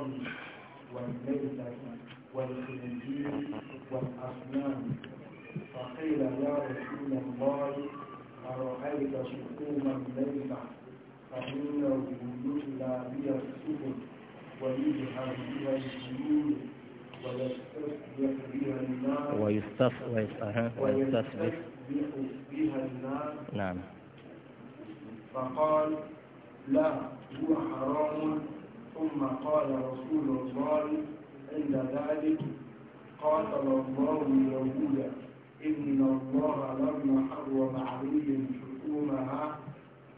والخمر والميتة والخنزير والأصنام فقيل يا رسول الله أرأيت شؤوما ليس فإنه يتلى بها السفن ويجهر بها الجنود ويستصبح بها النار ويستصبح بها النار نعم فقال لا هو حرام ثم قال رسول الله عند ذلك قاتل الله اليهود إن الله لما حرم عليهم حكومها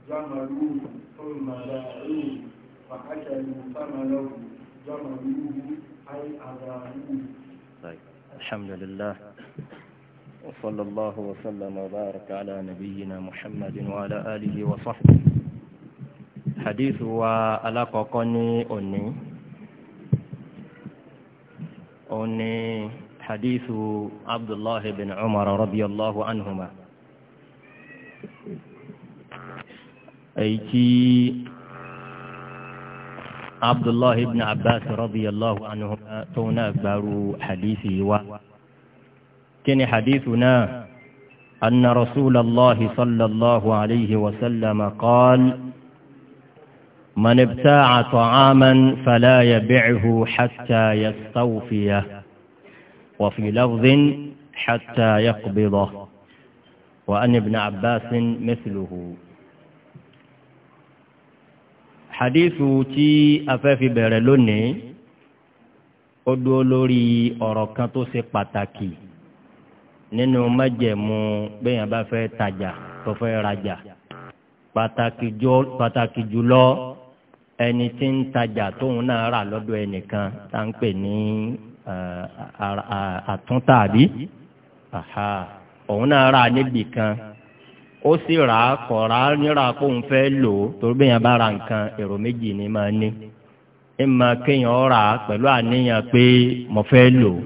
جملوه ثم باعوه فأكلوا ثمنه جملوه أي أذانوه طيب. الحمد لله وصلى الله وسلم وبارك على نبينا محمد وعلى آله وصحبه hadithu wa alákọ̀ọ́kọ́ ní òní òní hadithu abdullahi bin umar radiyallahu anhuma èyí tí abdullahi bin abbas radiyallahu anhuma tó náà gbàrú hadithi wa kí ni hadithu náà أن رسول الله صلى الله عليه وسلم قال من ابتاع طعاما فلا يبعه حتى يستوفيه وفي لفظ حتى يقبضه وأن ابن عباس مثله حديث تي أفافي بيرلوني أدولوري أوروكاتو سيقاتاكي nínú májẹ̀mú bẹ́yàn bá fẹ́ tajà tó fẹ́ rajà pàtàkì jùlọ ẹni tí ń tajà tóun náà rà lọ́dọ̀ ẹnìkan tá ń pè ní àtúntà àbí òun náà rà níbì kan ó sì rà á kọ̀ọ̀rà nírà kóun fẹ́ lò ó torí bẹ́ẹ̀ yẹn bá ra nǹkan èrò méjì ni máa ní ìmọ̀ kéèyàn rà á pẹ̀lú àníyàn pé mo fẹ́ lò ó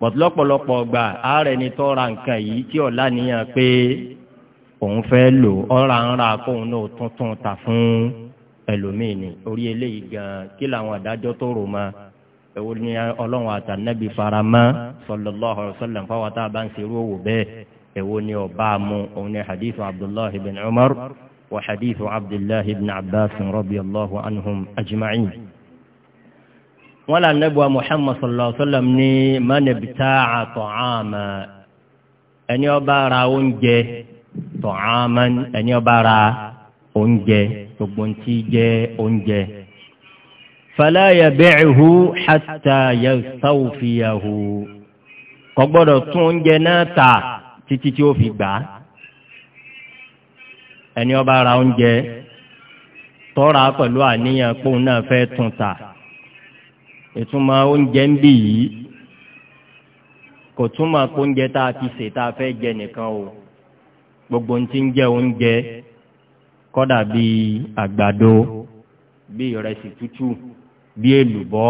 pọ̀tulọ́pọ̀lọpọ̀ ọgbà ààrẹ ni tó ra nǹkan yìí tí ọ̀la níyàn pé òun fẹ́ lò ó ọ̀ra ń ra kóun náà tuntun ta fún un ẹlòmíì ni orí eléyìí gan kí làwọn àdájọ́ tó rò ma èwo ni ọlọ́run àtànẹ́bí farama sallallahu alaihi wasallam fáwọn tá a bá ń serú òwò bẹ́ẹ̀ èwo ni ọba mu òun ni hadith abdullahi bin umar wa hadith abdullahi bin abbas radiyallahu anhum ajma'in. wọ́n là nẹ́bùa muhammad sallallahu alaihi wasallam ní mánibítà àtọ̀hámà ẹni ọba ara oúnjẹ tọ̀hámà ẹni ọba ara oúnjẹ gbogbo ń tí jẹ́ oúnjẹ. fala yabi'hu hatta yastawfiyahu kò gbọ́dọ̀ tún oúnjẹ náà tà títí tí ó fi gbà á. ẹni ó ra oúnjẹ tọ́ra pẹ̀lú àníyàn póun náà fẹ́ tún tà ìtumọ̀ oúnjẹ ń bì yìí kò túmọ̀ pé oúnjẹ tá a ti sè tá a fẹ́ jẹ nìkan o gbogbo ń ń jẹ oúnjẹ kọ́dà bí àgbàdo bí ìrẹsì tútù bí èlùbọ́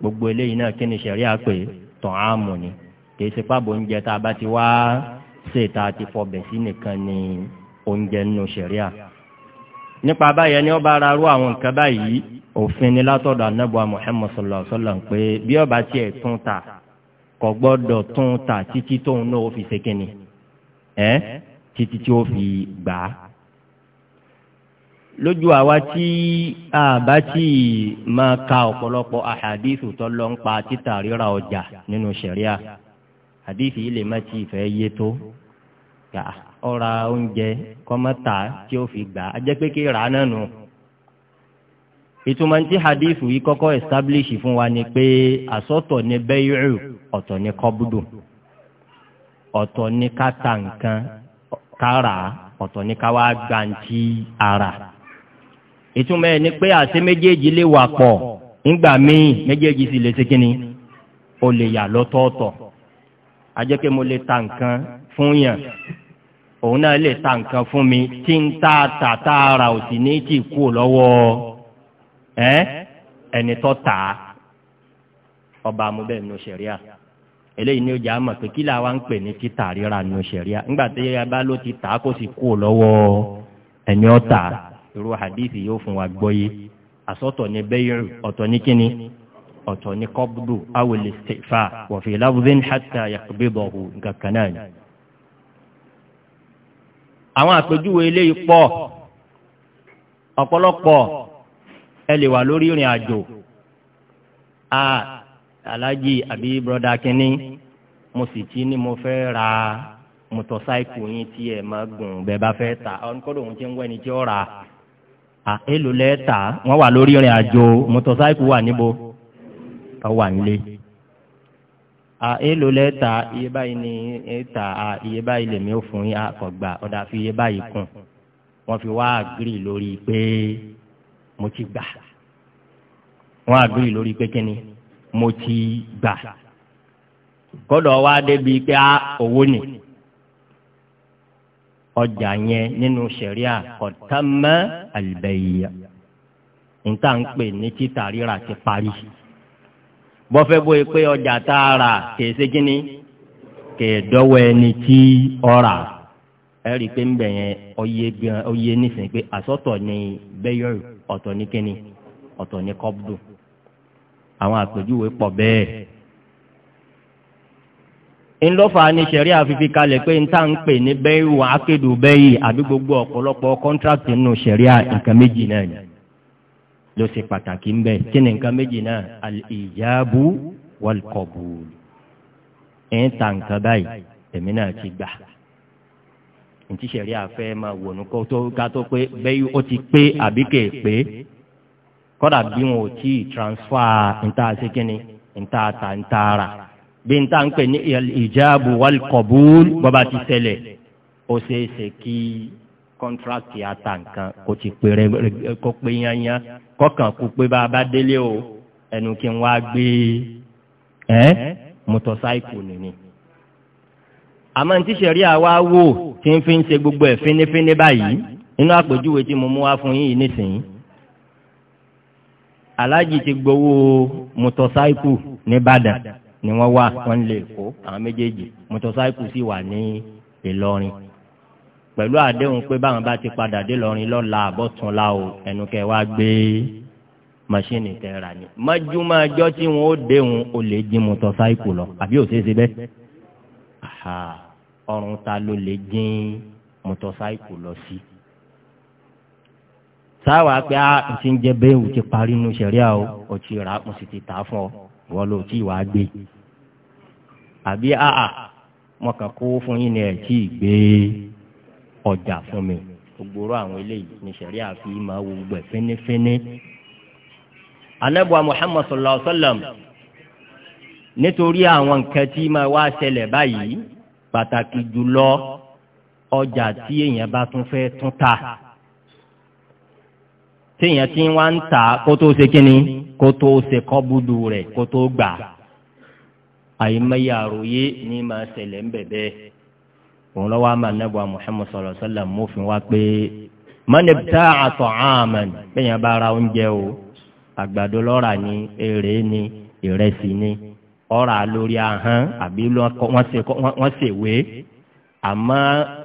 gbogbo eléyìí náà kí ni sẹ̀rí àpè tàn áàmù ni kìí ṣe pàbò oúnjẹ tá a bá ti wá ṣe tá a ti fọbẹ̀ sí nìkan ni oúnjẹ nínú sẹ̀rí à. nípa báyẹn ni ó bá ra rú àwọn nǹkan báyìí òfin ni látọ̀dọ̀ anábọ̀ Muhammad sallallahu alaihi wasallam pé bí ó tiẹ̀ tún ta kò gbọ́dọ̀ tún ta títí tóun náà ó fi ṣe kínni ẹ́ títí tí ó fi gbà lójú àwa tí a bá tí máa ka ọ̀pọ̀lọpọ̀ àhàdíìsù tó lọ ń pa títà ríra ọjà nínú ṣẹ̀ríà àdíìsì yìí lè má ti ìfẹ́ yé tó kà ọ̀ra oúnjẹ kọ́mọ́tà tí ó fi gbà á jẹ́ pé kí rà á náà nù. ìtumọ̀ tí àdíìsù yìí kọ́kọ́ establish fún wa ni pé àsọ̀tọ̀ ni bẹ́yìrù ọ̀tọ̀ ni kọ́búdù ọ̀tọ̀ ni ká ta nǹkan ká rà á ọ̀tọ̀ ni ká wá gbàǹtí ara. ìtumọ̀ ẹ̀ ni pé àṣẹ méjèèjì lè wà pọ̀ nígbà míì méjèèjì sì lè ṣe kínni o lè yà lọ́tọ̀ọ̀tọ̀ ajẹ́ pé mo lè ta nǹkan fún yàn òun náà lè ta nǹkan fún mi tí ń ta ta ta ara ra ò sì ní tì kú lọ́wọ́ ẹ ẹni tó tà ọba amúbẹ̀ nù sẹ̀ríà eléyìí ni ó jà á mọ̀ pé kí là wá ń pè ní títà ríra nù sẹ̀ríà nígbà tí a ló ti tà kó sì kú lọ́wọ́ ẹni ó tà irú hadithi yóò fún wa gbọ́yé àsọ̀tọ̀ ní bẹ́yìrì ọ̀tọ̀ ní kíni ọ̀tọ̀ ní kọ́bùdù awèlè sèfà wọ̀fì lábùdín hàtà yàgbébọ̀hù nǹkan kan náà ni. àwọn àpèjúwe eléyìí pọ̀ ọ̀pọ̀lọpọ̀ ẹ lè wà lórí ìrìn àjò a alájì àbí bọ́dà kínní mo sì ti ní mo fẹ́ ra mọ́tọ́sáìkù yín tí ẹ máa gùn bẹ́ẹ̀ bá fẹ́ ta ọ̀nkọ́dọ̀ òun ti ń wẹ́ni tí ó ra èlò lẹ́ẹ̀ta wọ́n wà lórí ìrìn àjò mọ́tọ́sáìkù wà níbo ọ wà nílé èlò lẹ́ẹ̀ta iye báyìí ni ẹ̀ta iye báyìí lèmi ò fún yín àkọ́gbà ọ̀dà fi iye báyìí kùn wọ́n fi wá àgírí lórí pé mo ti gbà wọ́n àgírí lórí pé kíni mo ti gbà kọ́dọ̀ wá débi pé owó ni ọjà yẹn nínú sẹ̀ríà kọ̀tàmọ́ àlùbẹ̀yìyà nǹkan ń pè ní títà rírà ti parí bọ́fẹ́ bóyá pé ọjà tá a rà kèé ṣe kínní kèé dọ́wọ́ ẹni tí ọ rà ẹ rí i pé ń bẹ̀ yẹn ọyẹ gan ọyẹ nísìnyí pé àsọ̀tọ̀ ni bẹ́yọ̀ ọ̀tọ̀ ní kínní ọ̀tọ̀ ní kọ́bdù àwọn àpèjúwe pọ̀ bẹ́ẹ̀ ńlọ́fà ni sẹ̀rí àfifi kalẹ̀ pé níta ń pè ní bẹ́ẹ̀ wà á kéde bẹ́ẹ̀ àbí gbogbo ọ̀pọ̀lọpọ̀ kọ́ńtrákì nínú sẹ̀rí nǹkan méjì náà ni ló ṣe pàtàkì ń bẹ̀ kí ni nǹkan méjì náà al-ijabu wal-qabul ẹ̀ ń ta nǹkan báyìí èmi náà ti gbà ntí sẹ̀rí àfẹ́ máa wò ní kó tó ká tó pé bẹ́ẹ̀ ó ti pé àbí kè kọ́dà bí wọn ò tí ì transfer níta ṣe kí ni níta ta níta rà bí n ta ń pè ní ìjáàbù wàlkọ̀bùl bọ́ba ti ṣẹlẹ̀ ó ṣeé ṣe kí kọ́ńtrákì ata nǹkan kò ti pè rẹ kó pé yányá kọ́kàn kú pé bá a bá délé o ẹnu kí n wá gbé ẹ́ mọ́tọ́sáìkù nìyí. àmọ́ ní tíṣẹ̀rí àwa wò tí ń fi ń ṣe gbogbo ẹ̀ fínífíní báyìí nínú àpèjúwe tí mo mú wá fún yín nísìnyí. aláàjì ti gbowó mọ́tọ́sáìkù ní Ìbàdàn ni wọ́n wà wọ́n lè kó àwọn méjèèjì mọ́tòsáìkù sì wà ní Ìlọrin pẹ̀lú àdéhùn pé báwọn bá ti padà dé lọrin lọ́la àbọ̀túnla o ẹnu kẹ wá gbé mọ́ṣíìnì tẹ ra ni mọ́júmọ́ ọjọ́ tí wọ́n ó déhùn ó lè jí mọ́tòsáìkù lọ àbí ò ṣeé ṣe bẹ́ẹ̀ ọrùn ta ló lè jí mọ́tòsáìkù lọ sí. sáwàá pé a ah, ti ń jẹ bẹ́ẹ̀ wù ti parí nu sẹ̀ríà o ò ti rà mo sì ti tà á fún ọ wọ́n ló tí wàá gbé àbí àà wọn kàn kó fún yín ni ẹ̀ tí ì gbé ọjà fún mi gbogbo àwọn eléyìí ní sẹ̀rí àfi máa wo gbẹ fínífíní. anábùa muhammad sallallahu Alaihi wa sallam nítorí àwọn nǹkan tí máa wá ṣẹlẹ̀ báyìí pàtàkì jùlọ ọjà tí èèyàn bá tún fẹ́ tún ta téèyàn ti wá ń tà kó tó ṣe kínní kó tó ṣe rẹ̀ kó gbà àyèmáyà àròyé ní máa ṣẹlẹ̀ ń bẹ̀bẹ̀ òun lọ́wọ́ àmà nàbọ̀ Muhammad sallallahu alaihi mọ́fin wá pé mọ́nẹ́bítà àtọ̀ àmàn bẹ́ẹ̀ bá ra oúnjẹ o àgbàdo lọ́ra ni èrè ni ìrẹsì ni ọ̀rà lórí ahọ́n àbí wọ́n ṣèwé àmọ́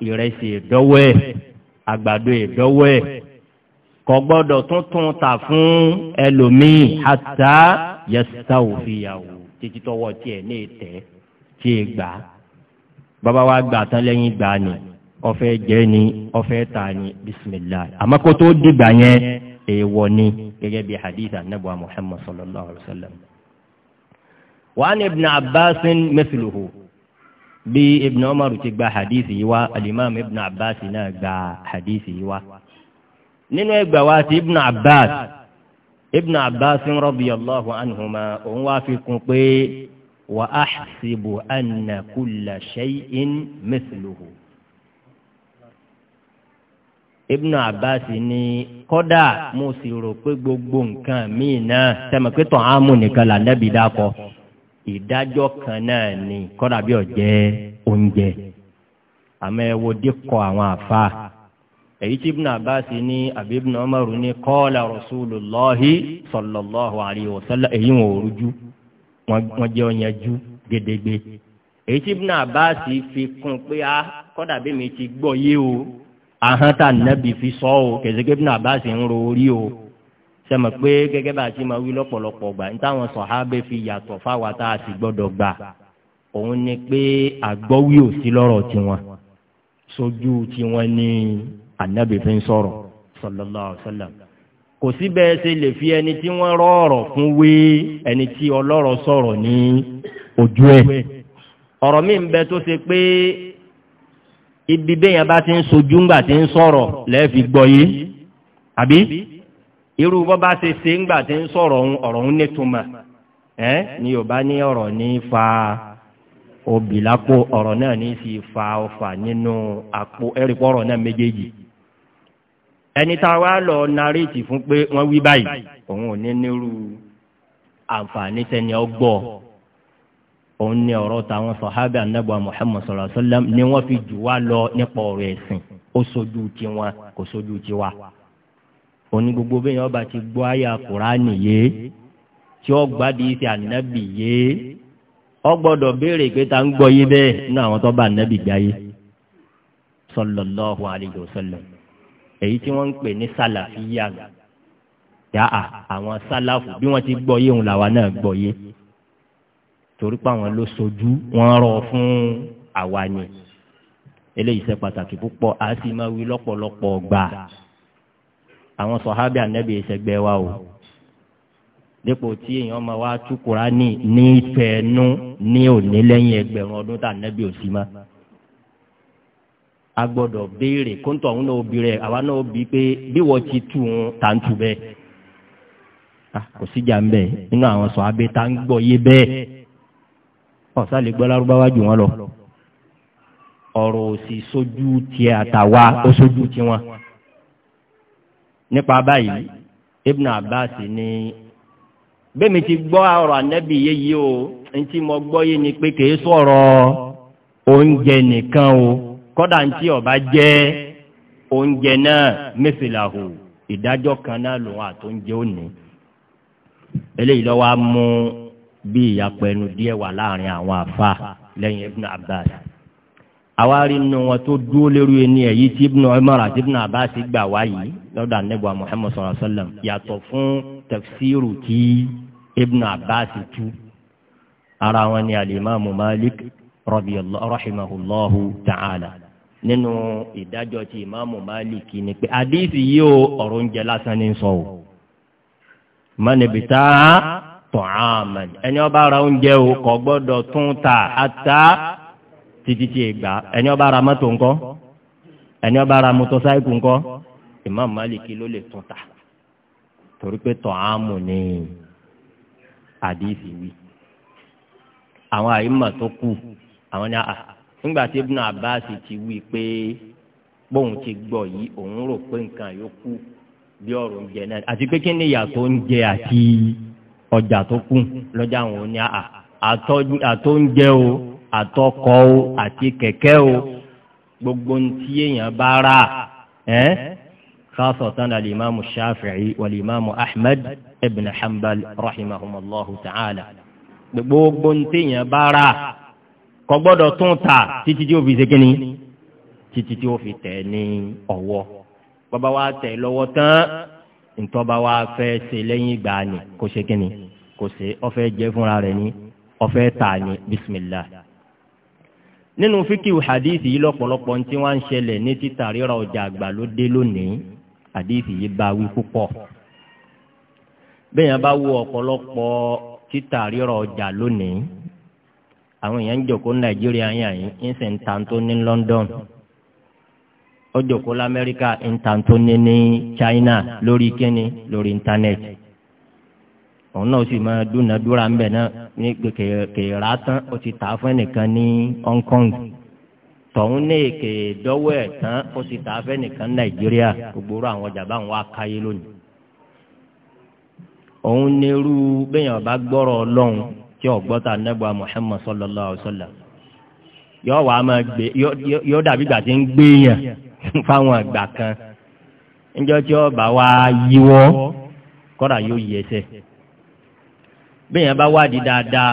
ìrẹsì ìdọ́wọ́ ẹ̀ àgbàdo ìdọ́wọ́ ẹ̀ kò gbọ́dọ̀ tuntun ta fún ẹlòmíì hatta yastawfiyahu títí tọwọ́ tiẹ̀ ní ìtẹ́ tí e gbà bàbá wa gbà tán lẹ́yìn gbà ni ọfẹ́ jẹ ni ọfẹ́ ta ni bisimilah àmọ́ kó tó dìgbà yẹn èèwọ̀ ni gẹ́gẹ́ bí hadith anabu muhammad sallallahu alayhi wa sallam. wàá ní ibn abbas mithluhu bí ibn umar ti gba hadith yìí wá alimami ibn abbas náà gba hadith yìí wá nínú ẹgbà wa ti ibn abbas ibn abbas radiyallahu anhuma òun wá fi kún pé wa ahsibu anna kulla shay'in mithluhu. Ibn Abbas ni kódà mo sì rò pé gbogbo nǹkan míì náà tẹmọ pé nìkan là nẹbi dákọ ìdájọ́ kan náà ni kódà bí ọjẹ oúnjẹ àmọ́ ẹ wo díkọ àwọn àfa èyí tí ibùnà àbáṣe ní àbí ibùnà ní kọ́ọ̀lá rọ̀ṣúlùlọ́hí sọ̀lọ̀lọ́hù àríwọ̀sọ́lá èyí wọn ò rújú wọn jẹ́ ọ̀yanjú gédégbé èyí tí ibùnà fi kún pé a ah, kọ́dà bí mi ti gbọ́ yé o ahọ́n nẹ́bì fi sọ o kẹ̀sẹ̀kẹ́ ibùnà àbáṣe ń ro orí o sẹ́mi pé gẹ́gẹ́ bá ti máa wí lọ́pọ̀lọpọ̀ gbà ní táwọn anabi fi ń sọ̀rọ̀ sallallahu alaihi wasallam kò sí bẹ́ẹ̀ ṣe lè fi ẹni tí wọ́n rọ̀ọ̀rọ̀ fún wé ẹni tí ọlọ́rọ̀ sọ̀rọ̀ ní ojú ẹ̀ ọ̀rọ̀ mi ń bẹ tó ṣe pé ibi bẹ́yàn bá ti ń sojú ńgbà tí ń sọ̀rọ̀ lẹ́ẹ̀fi gbọ́ yé àbí irú bọ́ bá ṣe ṣe ńgbà tí ń sọ̀rọ̀ ọ̀rọ̀ ń nítumọ̀ ẹ́ ni yorùbá ní ọ̀rọ̀ ní fa obì lápò ọ̀rọ̀ náà ní sì fa ọfà nínú àpò ẹ̀rí pọ̀rọ̀ náà méjèèjì ẹni ta a wá lọ naréètì fún pé wọ́n wí báyìí òun ò ní nírú àǹfààní sẹ́ni ọgbọ́ òun ní ọ̀rọ̀ táwọn sọ̀hábẹ́ anábọ̀ Muhammad sallallahu alaihi ni wọ́n fi jù wá lọ nípa ọ̀rọ̀ ẹ̀sìn ó sojú tiwọn kò sojú gbogbo bẹ́ẹ̀ ti gbọ́ àyà kùránì yìí tí ó gbádìí ti ànábì yìí ó gbọ́dọ̀ béèrè pé ta ń gbọ́ yìí bẹ́ẹ̀ ní àwọn tó bá ànábì gbáyé èyí tí wọ́n ń pè ní sálàfíyà nù yàà àwọn sálàfù bí wọ́n ti gbọ́ yé làwa náà gbọ́ yé torí pé àwọn ló sojú wọ́n rọ̀ fún àwa ni eléyìí ṣe pàtàkì púpọ̀ a sì máa wí lọ́pọ̀lọpọ̀ gbà àwọn sọ̀hábì ànẹ́bì ìṣẹ̀gbẹ́ wa o dípò tí èèyàn máa wá tú ní ìfẹ́ ẹnu ní òní lẹ́yìn ẹgbẹ̀rún ọdún tá ànẹ́bì ò sí máa a gbọ́dọ̀ béèrè kóńtò àwọn náà bí rẹ̀ àwa náà bí pé bí wọ́n ti tù wọn tà ń tù bẹ́ẹ̀ kò síjà ń bẹ̀ nínú àwọn sọ abẹ́ tá ń gbọ́ yé bẹ́ẹ̀ ọ̀sán lè gbọ́ lárúbáwá jù wọ́n lọ ọ̀rọ̀ òsì sójú tiẹ̀ àtàwa ó sójú tiwọn nípa báyìí Ibn Abbas ní bẹ́ẹ̀ mi ti gbọ́ ọ̀rọ̀ ànẹ́bì yé yìí o ntí mo gbọ́ yé ni pé kìí sọ̀rọ̀ oúnjẹ nìkan o kọ́dà ń tí ọba jẹ́ oúnjẹ náà mẹ́fìlàhù ìdájọ́ kan náà lòun àtóúnjẹ òní eléyìí lọ́wọ́ á mú bí ìyapọ̀ ẹnu díẹ̀ wà láàrin àwọn àfa lẹ́yìn Ibn Abbas àwa rí inú wọn tó dúró lérú ẹni èyí tí Ibn Umar àti Ibn Abbas gbà wá yìí lọ́dọ̀ anábọ̀ Muhammad sallallahu alaihi wasallam yàtọ̀ fún tafsiru tí Ibn Abbas tú ara wọn ni alimami Malik radiyallahu rahimahullahu ta'ala nínú ìdájọ́ ti ìmáàmù máàlìkì ni pé àdíìsì yìí ó ọ̀rọ̀ oúnjẹ lásán ní sọ o mọ́nìbìtá tọ̀hámàn ẹni ọba ara oúnjẹ o kò gbọ́dọ̀ tún ta ata títí tí ìgbà ẹni ọba ara mọ́tò ńkọ́ ẹni ọba ara mọ́tòsáìkù ńkọ́ ìmáàmù máàlìkì ló lè tún ta torí pé tọ̀hámù ni àdíìsì wí àwọn àyímọ̀ tó kù àwọn ni àà. Ah, nígbà tí Ibn Abbas ti wí pé bóun ti gbọ́ yìí òun rò pé nǹkan yòókù bí ọ̀rọ̀ oúnjẹ náà àti pé kí ni ìyàtọ̀ oúnjẹ àti ọjà tó kù lọ́jà àwọn oní àtọ́jẹ o àtọkọ o àti kẹ̀kẹ́ o gbogbo ń tí èèyàn bá rà ẹ́ khasatan al-imamu Shafi'i wal-imamu Ahmad ibn Hanbal rahimahumullahu ta'ala gbogbo ń kò gbọ́dọ̀ tún ta títí tí ó fi ṣe kínní títí tí ó fi tẹ̀ ní ọwọ́ bàbá wa tẹ̀ lọ́wọ́ tán ntọ́ba wa fẹ́ ṣe lẹ́yìn ìgbà ni kò ṣe kínní kò ṣe ọfẹ́ jẹ́ fúnra rẹ̀ ni ọfẹ́ ta ni bisimilah nínú fíkìwù hadith yìí lọ́pọ̀lọpọ̀ tí wọ́n ń ṣẹlẹ̀ ní títà ríra ọjà àgbà ló dé lónìí hadith yìí bá wí púpọ̀ bẹ́ẹ̀ yẹn bá wo ọ̀pọ̀lọpọ̀ títà ríra ọjà lónìí àwọn èèyàn ń jòkó nàìjíríà yàn yín ń ní London ó jòkó lamẹ́ríkà ń ní ní China lórí kíni lórí íńtánẹ́ẹ̀tì òun náà sì máa dúnadúrà ń bẹ̀ náà ní kèèrà tán ó ti fún ní Hong Kong tọ̀hún ní èkè tán ó fún ẹnìkan gbogbo àwọn ọjà wá lónìí òun ní irú bá gbọ́rọ̀ ọlọ́run tí ọgbọta nẹ́bọ̀ Muhammad sallallahu ọsọla wasallam wà máa gbé yọ dàbí gbà tí ń gbé yàn fáwọn àgbà kan níjọ́ tí ọba yíwọ́ kọ́ra yóò yẹ ẹsẹ̀ yẹn bá wádìí dáadáa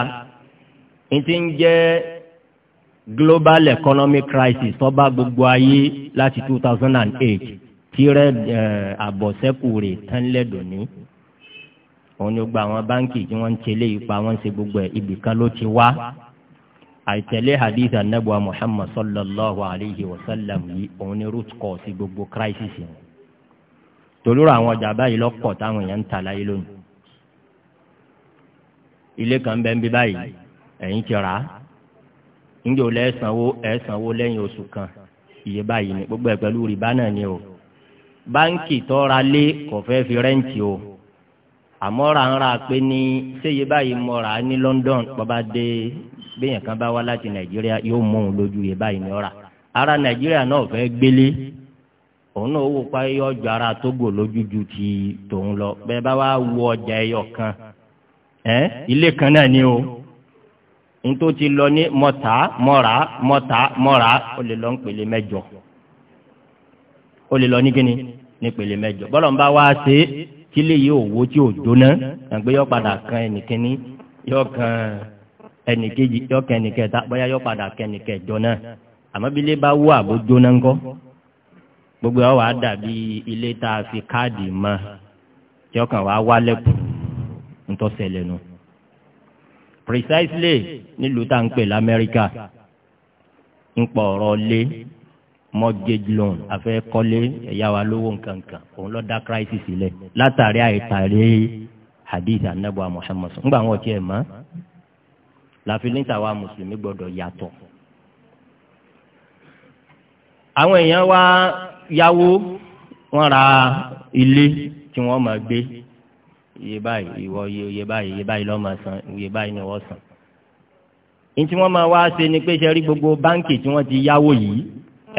n ti ń jẹ́ global economic crisis tó bá gbogbo ayé láti 2008 tí rẹ̀ eh, àbọ̀sẹ́kù tán lẹ́dọ̀ọ́ òun ni ó gba àwọn báńkì tí wọ́n ń tẹ̀lé ipa wọ́n ń ṣe gbogbo ẹ̀ ibì kan ló ti wá àìtẹ̀lé hadith anabuwa muhammad sallallahu alayhi wa sallam yìí òun ni root cause gbogbo crisis yẹn tolúra àwọn ọjà báyìí lọ́pọ̀ táwọn èèyàn ń ta láyé lónìí ilé kan bẹ́ẹ̀ ń bí báyìí ẹ̀yin ti rà á níjẹ́ olè ẹ̀sánwó ẹ̀sánwó lẹ́yìn oṣù kan iye báyìí ni gbogbo ẹ̀ pẹ̀lú rìbá náà ni o báńkì tọ́ra lé kò fi rẹ́ǹtì o àmọ́ ra ń ra pé ní séye báyìí mo ní London bàbá dé béèyàn kan bá wá láti Nàìjíríà yóò mú òun lójú yẹ báyìí ní ara Nàìjíríà náà fẹ́ gbélé òun náà wò pa yọ ju ara Togo lójú ju ti tòun lọ bẹ́ẹ̀ bá wá wo ọjà ẹyọ kan ilé kan náà ni o ntó ti lọ ní mọ́ta mọ́ra mọ́ta mọ́ra ó lè lọ ń pèlè mẹ́jọ ó lè lọ ní kíni ní pèlè mẹ́jọ bọ́lọ̀ ń bá wá ṣe tí lè yí òwò tí ò jóná àgbẹ̀ yọ padà kan ẹnìkíní yọ kan ẹnìkejì yọ kan ẹnìkẹta bóyá yọ padà kan ẹnìkẹjọ náà àmọ́ bí ilé bá wú àbó jóná ńkọ́ gbogbo ẹ̀ wàá dàbí ilé tá a fi káàdì mọ́ tí ọkàn wàá wálẹ̀ kù ńtọ́sẹ̀lẹ̀ nù. precisely nílùú tá à ń pè lamẹ́ríkà ń pọ̀ ọ̀rọ̀ lé mortgage loan afẹ́ kọ́lé ẹ̀yà wa lówó nkankan òun lọ dá crisis sílẹ̀ látàrí àìtàrí hadith anabu muhammad ńgbà wọn tiẹ̀ mọ́ làfínítà wa mùsùlùmí gbọ́dọ̀ yàtọ̀. àwọn èèyàn wa yáwó wọ́n ra ilé tí wọ́n máa gbé iye báyìí ìwọ iye báyìí iye báyìí ló máa san iye báyìí ni wọ́n san. ní tí wọ́n máa wá ṣe ni pé ṣe rí gbogbo báǹkì tí wọ́n ti yáwó yìí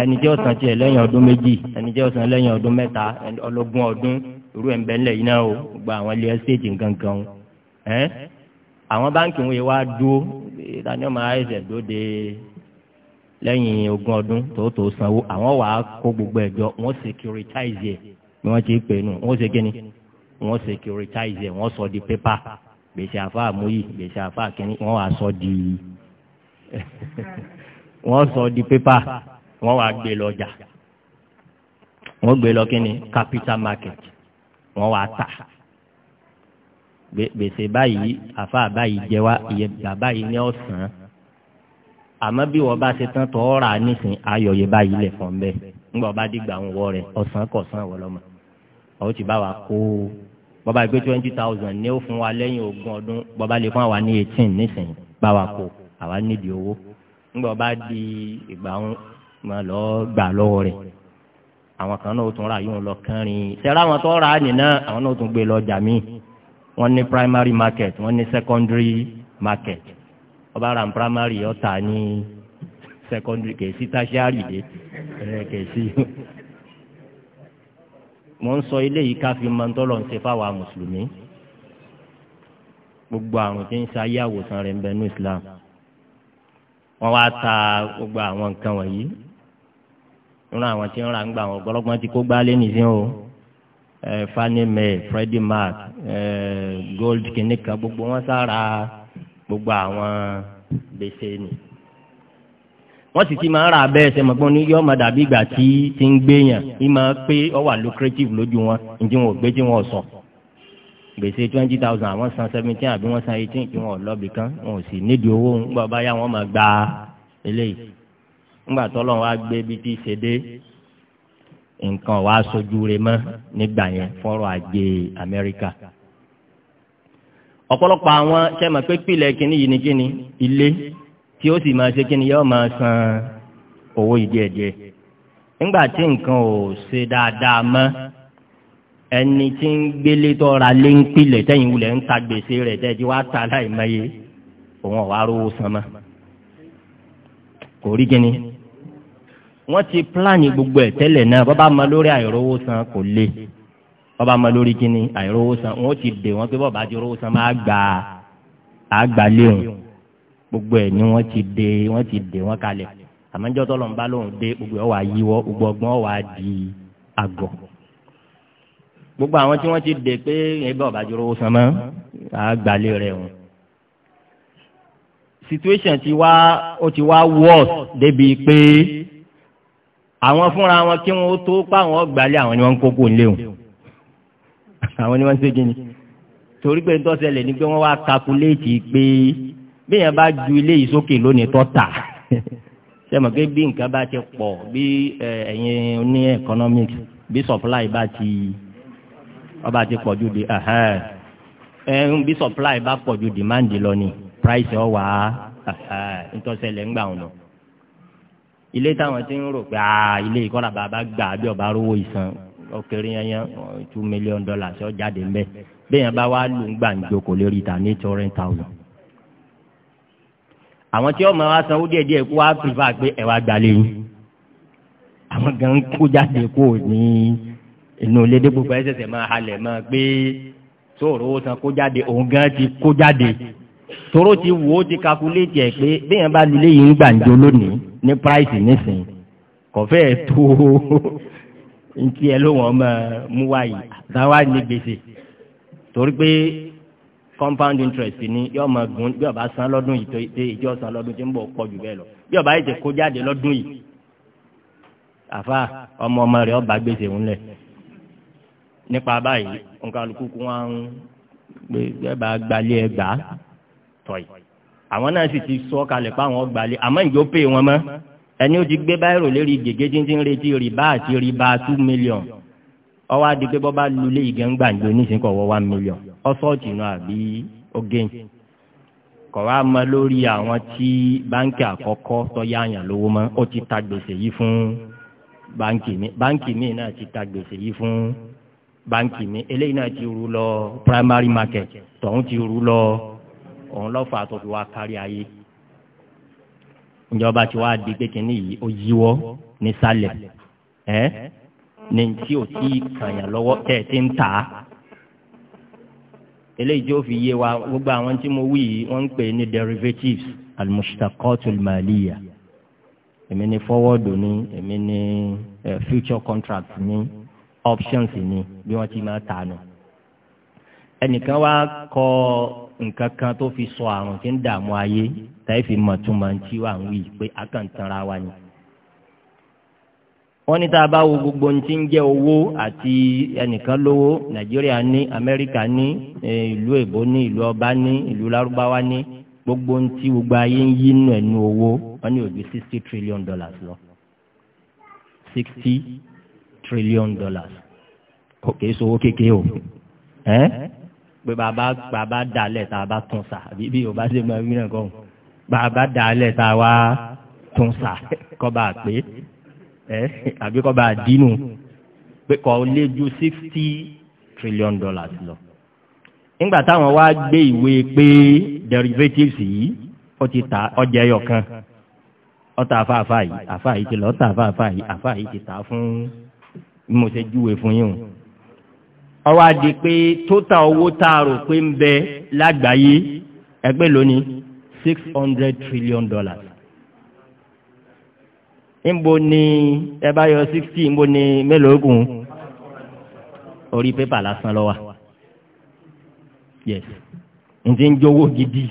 ẹni jẹ́ ọ̀sán tiẹ̀ lẹ́yìn ọdún méjì ẹni jẹ́ ọ̀sán lẹ́yìn ọdún mẹ́ta ọlọ́gbọ́n ọdún irú ẹ̀ ń bẹ́ ńlẹ̀ yìí náà o gba àwọn ilé ẹ́stéètì gangan ẹ́ àwọn báńkì wọn yìí wá dúró ìdáni ọmọ àìsẹ̀ dóde lẹ́yìn ogún ọdún tòótọ́ sanwó àwọn wàá kó gbogbo ẹ̀ jọ wọ́n securitize ẹ̀ ni wọ́n ti pè nù wọ́n ṣe kíni wọ́n securitize ẹ̀ wọ́n sọ di pépà gbèsè àfa àmúyí gbèsè àfa kìíní wọ́n wàá sọ di wọ́n sọ di pépà wọ́n wá gbé lọ ọjà wọ́n gbé lọ kíni capital market wọ́n wá tà gbèsè báyìí àfa báyìí jẹ wá iye bàbá yìí ní ọ̀sán àmọ́ bí wọ́n bá ṣe tán tọ́ ọ̀rà nísìn ayọ̀yẹ báyìí lẹ̀ fọ́n bẹ́ẹ̀ ńgbà ọba dìgbà ń wọ rẹ̀ ọ̀sán kọ̀ọ̀sán wọ̀ lọ́mọ ọ̀hún ti bá wa kó bọ́ba gbé twenty thousand ní ó fún wa lẹ́yìn ogún ọdún bọ́ba lè fún àwa ní eighteen nísìn bá wa kó àwa nídìí owó ńgbà ọba di ìgbà ń máa lọ gbà lọ́wọ́ rẹ̀ àwọn kan náà ó tún ra yóò lọ kẹrin sẹ́rà àwọn tó ra nìna àwọn náà tún gbé lọ jà mí wọ́n ní primary market wọ́n ní secondary market ọba ra primary ọ̀tà ní secondary kèsì tertiary dé kèsì mo ń sọ eléyìí ká fi máa ń tọ́lọ̀ ń ṣe fáwọn mùsùlùmí gbogbo àrùn tí ń ṣe ayé àwòsàn rẹ̀ ń bẹ ní Islam wọ́n wá ta gbogbo àwọn nǹkan wọ̀nyí nínú àwọn tí ń ra ń gbà wọn ọ̀pọ̀lọpọ̀ ti kó gbálé nìyí o fanny may freddie mac gold kìnìkan gbogbo wọn sára gbogbo àwọn gbèsè ni wọ́n sì ti máa ń ra abẹ́ ẹsẹ̀ mọ̀gbọ́n ní yọ́ ọmọ dàbí ìgbà tí ti ń gbéyàn ní máa pé ọ wà lucrative lójú wọn ǹjẹ́ wọn ò gbé tí wọn sọ gbèsè twenty thousand àwọn san seventeen àbí wọ́n san eighteen tí wọn ò lọ́bì kan wọn ò sì nídìí owó ń gbọ́ báyà wọ́n máa gba eléyìí ńgbà tọ́lọ́ wa gbé bí ti ṣe dé nǹkan wa sojú rẹ̀ mọ́ nígbà yẹn fọ́rọ̀ ajé Amẹ́ríkà ọ̀pọ̀lọpọ̀ àwọn sẹ́mọ̀ pé pìlẹ̀ kínní yìí ni kínní ilé tí ó sì máa ṣe kínní yóò máa san owó ìdíẹ̀díẹ̀ nígbà tí nǹkan ò ṣe dáadáa mọ́ ẹni tí ń gbélé tọ́ra lé ń pilẹ̀ tẹ́yìn wulẹ̀ ń ta gbèsè rẹ̀ tẹ́jú wá ta láìmọye òun ọ̀wá rówó san mọ́ kò rí kínní wọ́n ti plan, gbogbo ẹ̀ tẹ́lẹ̀ náà bọ́ba ma lórí àìrówó san kò le bọ́ba ma lórí kíni àìrówó san wọ́n ti dè wọ́n pé bọ́ba ti rówó san máa gbà á gbà léhùn gbogbo ẹ̀ ni wọ́n ti dè wọ́n ti dè wọ́n kalẹ̀ àmọ́jọ́ tọ́lọ̀ ń bá lóhùn dé gbogbo ẹ̀ wà yíwọ́ gbogbo ọgbọ́n wà di àgọ̀ gbogbo àwọn tí wọ́n ti dè pé ẹ̀ bọ́ba ti rówó san mọ́ á gbà lé rẹ̀ wọn situation ti wá ó ti wá worse débi pé àwọn fúnra wọn kí wọn tó páwọn ọgbàlẹ àwọn ni wọn ń kókó léwu àwọn ni wọn ń ṣe gini torí pé ntọ́sẹ̀lẹ̀ ni pé wọ́n wá kakuléètì pé bẹ́ẹ̀ bá ju ilé yìí sókè lónìí tó tà sẹ́mi pé bí nǹkan bá ti pọ̀ bí ẹ̀yin ní economics bí supply bá ti ọba ti pọ̀ ju di ẹ̀hún bí supply bá pọ̀ ju demand lọ ni price ọ̀ wá ntọ́sẹ̀lẹ̀ ń gbà wọn lọ ilé táwọn ti ń rò pé aa ah, ilé ìkọ́lá bàbá gbà bí ọba rówó ìsan ọkẹrẹ yẹn two million dollars ọ jáde mbẹ bẹ́ẹ̀ yẹn bá wá lù ń gbàǹjo kò lè rí ta ní tọrẹ thousand. àwọn tí ọmọ wa sanwó díẹ̀ díẹ̀ kó wá pèfà pé ẹ wá gbalẹ̀ yín àwọn gan kó jáde kó ní inú ilé dépò fẹ́ ṣẹ̀ṣẹ̀ máa halẹ̀ máa pé tóòrò ó san kó jáde òun gan ti kó jáde tóró ti wò ó ti kakuléètì ẹ̀ pé bẹ́ẹ̀ yẹn bá lulẹ̀ yìí ń gbàǹjo lónìí ní price nísìn kò fẹ́ tó ntí ẹ ló wọ́n mọ̀ mú wáyé àtàwọn àní gbèsè torí pé compound interest ni yóò máa gùn bí ó bá san lọ́dún yìí tó ìjọ san lọ́dún tí ń bọ̀ pọ̀ jù bẹ́ẹ̀ lọ bí ó bá yìí ti kó jáde lọ́dún yìí àfa ọmọ ọmọ rẹ̀ ọba gbèsè ńlẹ̀ nípa báyìí nǹkan alùpùpù wọn gbé ẹ bá gbalé ẹ gbà tọ̀yì àwọn náà sì ti sọ kalẹ̀ pé àwọn gbalẹ̀ àmọ́ ìjọ pé wọn mọ́ ẹni ó ti gbé báyìí lérí gègé tí ń ti ń retí rìbá àti rìbá two million ọwọ́ adi pé bọ́ba lu lé ìgẹ̀ǹgbà ìjọ nísìnyí kọ̀ wọ́ one million ọ́sọ́ọ̀tì náà àbí ogin kọ̀wá mọ lórí àwọn tí báńkì àkọ́kọ́ tọ́yá àyàn lówó mọ́ ó ti ta gbèsè yìí fún báńkì mi báńkì mi náà ti ta gbèsè yìí fún báńkì mi eléyìí náà ti rú lọ primary market tọ̀hún ti rú lọ òun lọ́fà tó fi wá kárí ayé ìjọba tí wàá di kékeré yìí ó yíwọ́ nísàlẹ̀ ẹ́ ní tí ò tí ì lọ́wọ́ tẹ̀ tí ń tà á eléyìí tí ó fi yé wa gbogbo àwọn tí mo wí yìí wọ́n ń pè ní derivatives almushtakotul maliya èmi ní forward ní èmi ní eh, future contracts, ní options ní bí wọ́n ti máa tà nù ẹnìkan wá kọ́ ọ nǹkan kan tó fi sọ àrùn tí ń dààmú ayé táyé fi mọ̀ tún máa ń tí wà ń wí pé a kàn tanra wa ni. wọ́n ní tá a bá wo gbogbo ohun tí ń jẹ́ owó àti ẹnìkan lówó nàìjíríà ní amẹ́ríkà ní eh, ìlú èbó ní ìlú ọba ní ìlú lárúbáwá ní gbogbo ohun tí gbogbo ayé ń yí nù ẹnu owó wọ́n ní ó sixty trillion dollars lọ sixty trillion dollars kò kìí sọ owó kékeré o pé bàbá bàbá dalẹ̀ tá a bá tún sa àbí bí yorùbá ṣe máa wí náà kọ́ bàbá dalẹ̀ tá a wá tún sa kọ́ bá a pé ẹ àbí kọ́ bá a dínú pé kọ́ lé ju sixty trillion dollars lọ. nígbà táwọn wá gbé ìwé pé derivatives yìí ó ti ta ọjà ẹyọ kan ọta àfààfà yìí àfààyè ti lọ ọta àfààfà yìí àfààyè ti ta fún mo ṣe júwe fún yín ọwọ́ adi pé tóta owó tá a pé ń bẹ lágbàáyé ẹgbẹ́ lónìí six hundred trillion dollars. níbo ni ẹ bá yọ sixty níbo ni mélòó kù orí pépà lásán lọ yes n ti ń jówó gidi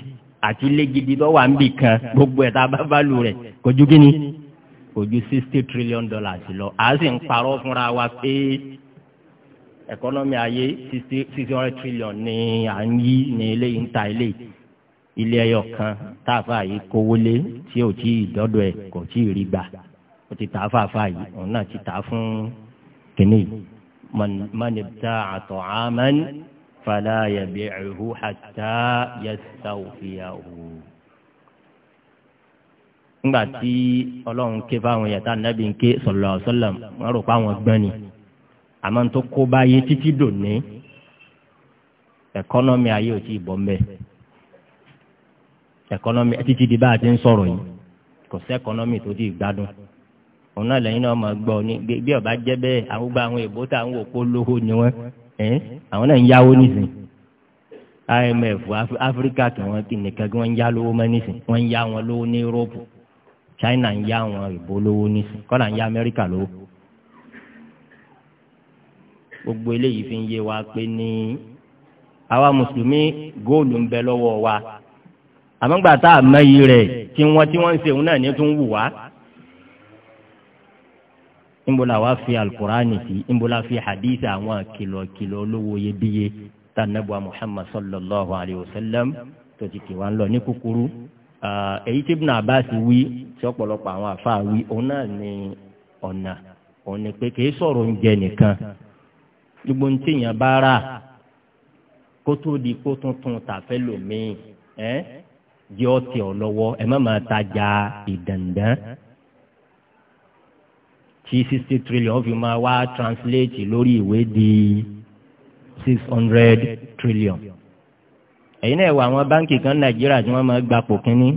àti ilé gidi tó wà níbì kan gbogbo ẹ̀ tá rẹ̀ kojú kí ni kojú sixty trillion dollars lọ a sì ń parọ́ fúnra wa pé ẹ̀kọ́nọ́mì ayé six hundred trillion ní à ń yí ní eléyìí ń ta eléyìí ilé ẹyọ kan táàfà yìí kówó lé tí ò tí ì dọ́dọ̀ ẹ̀ kò tí ì rí gbà ó ti tàá fàáfà yìí òun náà ti tàá fún kínní mọ̀nìbítà àtọ̀ àmán fàlà yẹ̀bẹ̀ ẹ̀hú hatta yastawfiyahu. nígbà tí ọlọ́run ké fáwọn yàtá nàbí ń ké sallallahu wọ́n rò pé àwọn gbọ́n ni àmọ́ tó kó báyé títí dòní ẹ̀kọ́nọ́mì ayé ò tí ì bọ́ mbẹ́ ẹ̀kọ́nọ́mì títí di bá a ti ń sọ̀rọ̀ yìí kò sí ẹ̀kọ́nọ́mì tó ti gbádùn òun náà lẹ́yìn náà máa gbọ́ ní bí ọba jẹ́ bẹ́ẹ̀ àwọn gba àwọn èbó tá à ń lówó ni wọ́n ẹ̀ àwọn náà ń yáwó nísìn IMF Áfíríkà kì wọ́n ti nìkan kí wọ́n ń yá lówó mọ́ nísìn wọ́n ń yá wọn lówó ní Yúróòpù China ń yá wọn èbó lówó nísìn kọ́là ń yá Amẹ́ríkà lówó gbogbo eléyìí fi ń yé wa pé ní àwa mùsùlùmí góòlù ń bẹ lọ́wọ́ wa àmọ́ gbà tá a mẹ́yì rẹ̀ tí wọ́n tí wọ́n ń sèwọ́n náà ní tó ń wù wá. níbo la wá fi alukur'ani sí níbo la fi hadith àwọn kìlọ̀kìlọ̀ olówó iyebíye tá nàbọ̀ muhammad sallallahu alayhi wa sallam tó ti kì wá ń lọ ní kúkúrú. èyí tí ibùnà abbas wí tí ọ̀pọ̀lọpọ̀ àwọn àfa wí òun náà ní ọ̀nà òun ni pé kì í sọ̀rọ̀ oúnjẹ nìkan gbogbo ní tíyàn bá kó tó di kó tuntun tàfẹ́ lòmíì ẹ́ jẹ́ ọtí ọ lọ́wọ́ ẹ má máa tajà ìdàndàn tí sixty trillion fi máa wá translate lórí ìwé di six hundred trillion. ẹ̀yin náà wà àwọn báńkì kan nàìjíríà tí wọ́n máa gba pò kínní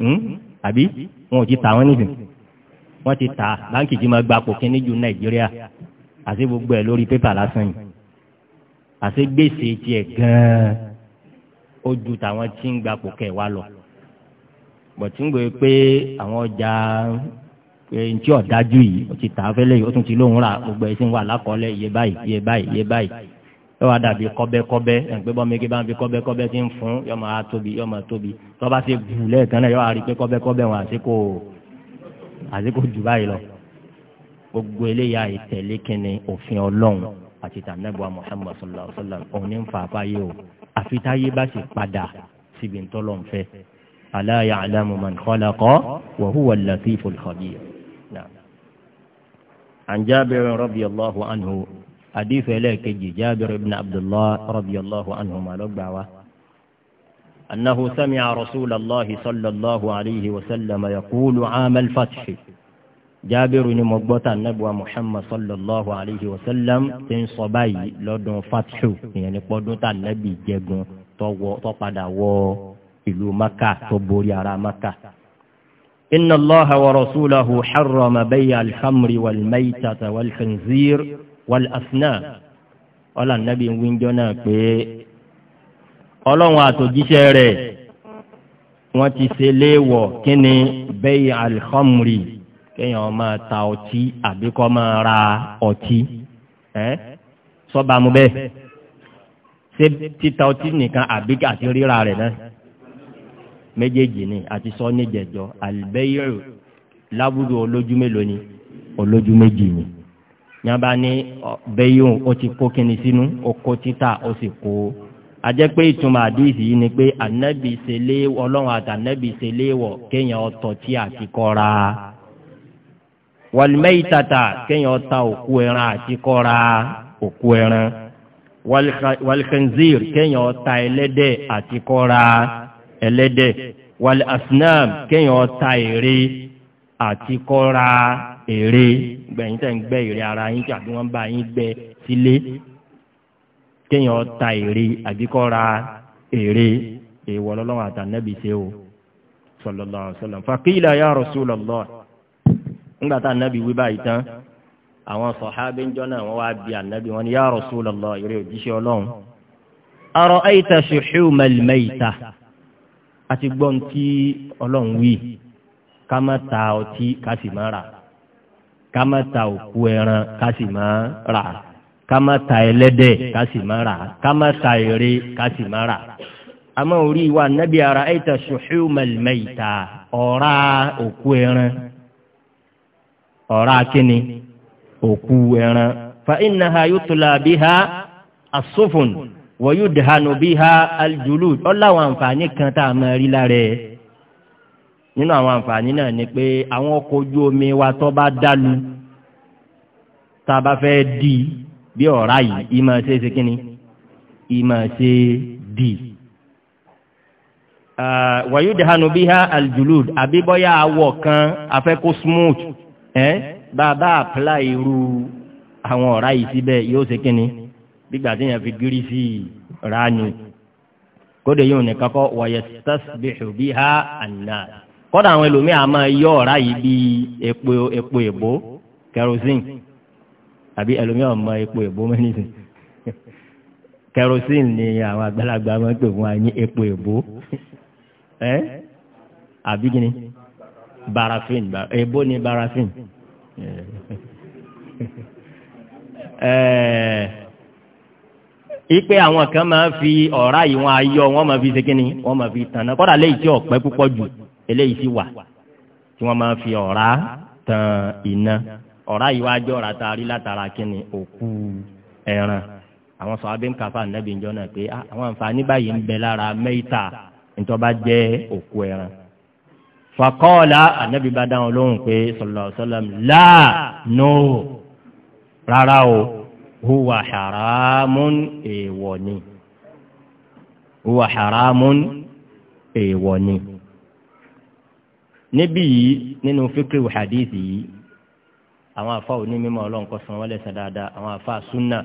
hmm? àbí wọn ò ti tà wọ́n níbi wọ́n ti tà báńkì tí máa gba pò kínní ju nàìjíríà àti gbogbo ẹ̀ lórí pépà lásán yìí àti gbèsè tiẹ̀ gan-an ó ju tàwọn tí ń gbapò kẹ̀ wá lọ bọ̀tí ń gbé pé àwọn ọjà ntí ọ̀dájú yìí ó ti tà á fẹ́lẹ́ yìí ó tún ti lóhùn rà gbogbo ẹ̀ sì ń wà lákọọ́lẹ̀ iye báyìí iye báyìí iye báyìí ẹ wá dàbí kọ́bẹ́kọ́bẹ́ ẹ̀gbẹ́ bọ́ méjì bá ń fi kọ́bẹ́kọ́bẹ́ ti ń fún yọ máa tóbi yọ máa tóbi tọ́ bá ti bù lẹ́ẹ̀kan náà yọ wá rí i pé kọ́bẹ́kọ́bẹ́ wọn àsìkò àsìkò jù báyìí lọ gbogbo eléyà ìtẹ̀lé kínní òfin ọlọ́run àti tànẹ́bùà muhammad sallallahu alayhi wa sallam òun ní ń fa àbáyé o àfitáyé bá sì padà síbi ntọ́lọ́n fẹ́ ala ya'lamu man khalaqa wa huwa al-latiful khabir. عن جابر رضي الله عنه حديث إليك جابر بن عبد الله رضي الله عنهما لبعوه أنه سمع رسول الله صلى الله عليه وسلم يقول عام الفتح jaabiru ni mo gbọ́ ta anabiwa muhammad sallallahu alayhi wa sallam ti ń sọ báyìí lọ́dún fathu ìyẹn ni pọ́dún ta anabi jẹgun tó padà wọ ìlú maka tó borí ara maka. inna allaha wa rasulahu harrama bayya alhamri wal maitata wal khinzir wal asnam ọlọ anabi ń wíjọ náà pé ọlọ́run ti ṣe léèwọ̀ kí ni bayya alhamri kéèyàn máa ta ọtí àbí kọ́ máa ra ọtí ẹ́ bẹ́ẹ̀ ṣé títa ọtí nìkan àbí àti ríra rẹ̀ náà méjèèjì ni àti sọ níjẹ̀jọ́ àlùbẹ́yẹ̀rù lábúrò olójú mélòó ni olójú méjì ni nyaba ni bẹ́yìn o ti kó kíni sínú o kó títà o sì kó ajẹ́ pé ìtumọ̀ àdìsí yìí ni pé ànábì ṣe léwọ̀ ọlọ́run àti ànábì ṣe léwọ̀ kéèyàn ọtọ̀ tí àti kọ́ra wàlmẹ́yìtàtà kéèyàn ta òkú ẹran àti kọ́ra òkú ẹran wàlkẹ́nzír kéèyàn ta ẹlẹ́dẹ̀ àti kọ́ra ẹlẹ́dẹ̀ wàlásnàm kéèyàn ta èrè àti kọ́ra èrè gbẹ̀yìn tẹ̀ ń gbẹ́ èrè ara yín tí àbí wọ́n bá yín gbẹ sílé kéèyàn ta èrè àbí kọ́ra èrè èèwọ̀ lọ́lọ́wọ́ àtànẹ́bí ṣe o sallallahu alaihi wasallam faqila ńgbà tá ànábì wí báyìí tán àwọn sọ̀hábí ń jọ́nà wọ́n wá bí ànábì wọn ni yá Rasulullah eré òjíṣẹ́ ọlọ́run ara'ayta shuhumal mayta àti gbọ́n tí ọlọ́run wí ká má ta ọtí ká sì má rà ká má ta òkú ẹran ká sì má rà ká má ta ẹlẹ́dẹ̀ ká sì má rà ká má ta ère ká sì má rà àmọ́ orí wa ànábì ara'ayta shuhumal mayta ọ̀rá òkú ẹran ọ̀rá kíni òkú ẹran fa innaha yutla biha asufun wa yudhanu biha aljulud ọláwọn àǹfààní kan tá a máa rí lára ẹ̀ nínú àwọn àǹfààní náà ni pé àwọn ọkọ̀ ojú omi wa tó bá dálu tá a bá fẹ́ di bí ọ̀rá yìí ìmọ̀ ṣe ṣe kíni ìmọ̀ ṣe di. Uh, wàyúdìhánu bíhá aljulud àbí bọ́yá awọ kan afẹ́ kó smooth ẹ́ bàbá àpìlà irú àwọn ọ̀rá yìí síbẹ̀ yóò ṣe kínni gbígbà tí yẹn fi gírí sí ra ni kódé yóò ní kakọ́ wọ̀yẹ̀ tasbihu biha annas kọ́dà àwọn ẹlòmíì àmọ́ yọ ọ̀rá yìí bí epo epo èbó kerosene àbí ẹlòmíì ọmọ epo èbó mẹ́nìsìn kerosene ni àwọn àgbàlagbà máa ń pè fún wa ní epo èbó ẹ́ àbí kínni barafin ebo ni barafin eh, ipe àwọn kan máa fi ọ̀rá yìí wọn ayọ wọn máa fi segin ni wọn máa fi tànà kọ́dà léyìí tí ọ̀pẹ́ púpọ̀ jù eléyìí sì wà tí wọ́n máa fi ọ̀rá tan iná ọ̀rá yìí wá jẹ́ ọ̀rá taari látara kíni òkú ẹran àwọn sọ abẹ́ ń kápá nàbí ìjọ náà pé ah, àwọn àǹfààní báyìí ń bẹ lára mẹ́ta nítorí bá jẹ́ òkú ẹran fàkọ́ọ̀lá ànábì bá dáhùn lóhùn pé sallallahu alaihi wasallam láà no rárá o huwa haramun èèwọ̀ ni huwa haramun èèwọ̀ ni níbí yìí nínú fíkìrì hadithi yìí àwọn afa onímọ̀ ọlọ́nkọ́ san wọ́n lẹ́sẹ̀ dáadáa àwọn afa sunna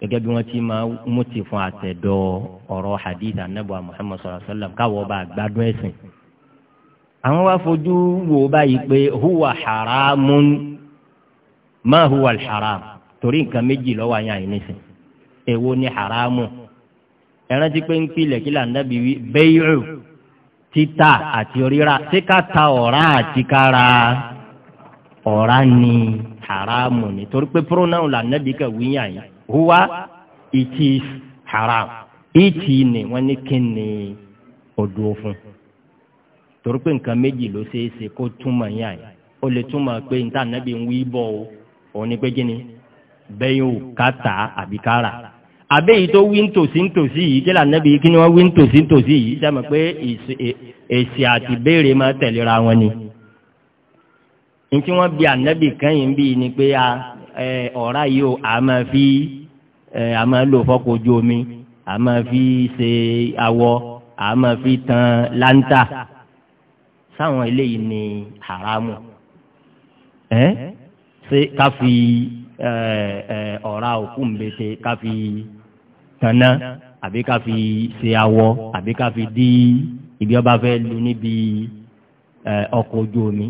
gẹ́gẹ́ bí wọ́n ti máa mú ti fún àtẹ̀dọ̀ ọ̀rọ̀ hadith anabu muhammad sallallahu alaihi wasallam káwọ́ bá gbádùn ẹ̀sìn àwọn wá fojú wò báyìí pé huwa haramun ma huwa alharam torí nǹkan méjì lọ́wọ́ àyàn àìníṣe èwo ni haramu ẹran ti pé ń pilẹ̀ kí là ń dábì wí bẹ́yìrù títà àti rírà ṣé ká ta ọ̀rá àti ká ọ̀rá ni haramu ni torí pé pronoun là ń dábì kẹ́ wíyàn yìí huwa it is haram it ni wọ́n ní kí ni odò fún un torí pé nǹkan méjì ló ṣeé ṣe kó túmọ̀ yàn yìí ó lè túmọ̀ pé níta nàbí ń wí bọ̀ o òun ni pé kí ni bẹ́yìn ò ká tà àbí ká rà àbẹ́ yìí tó wí ntòsí ntòsí yìí kí lànàbí kí ni wọ́n wí ntòsí ntòsí yìí sẹ́mi pé èsì àti béèrè máa tẹ̀léra wọn ni ntí wọ́n bi ànàbí kẹ́yìn bíi ni pé ọ̀rá yìí ó a máa fi a máa lò fọ́kọ̀ ojú omi a máa fi ṣe awọ a máa fi tan láńtà sáwọn eléyìí ni haramu ẹ ṣe ká fi ọ̀ra òkú mbete ká fi tanná àbí ká fi ṣe awọ àbí ká fi dí ibi ọba fẹ́ lu níbi ọkọ̀ ojú omi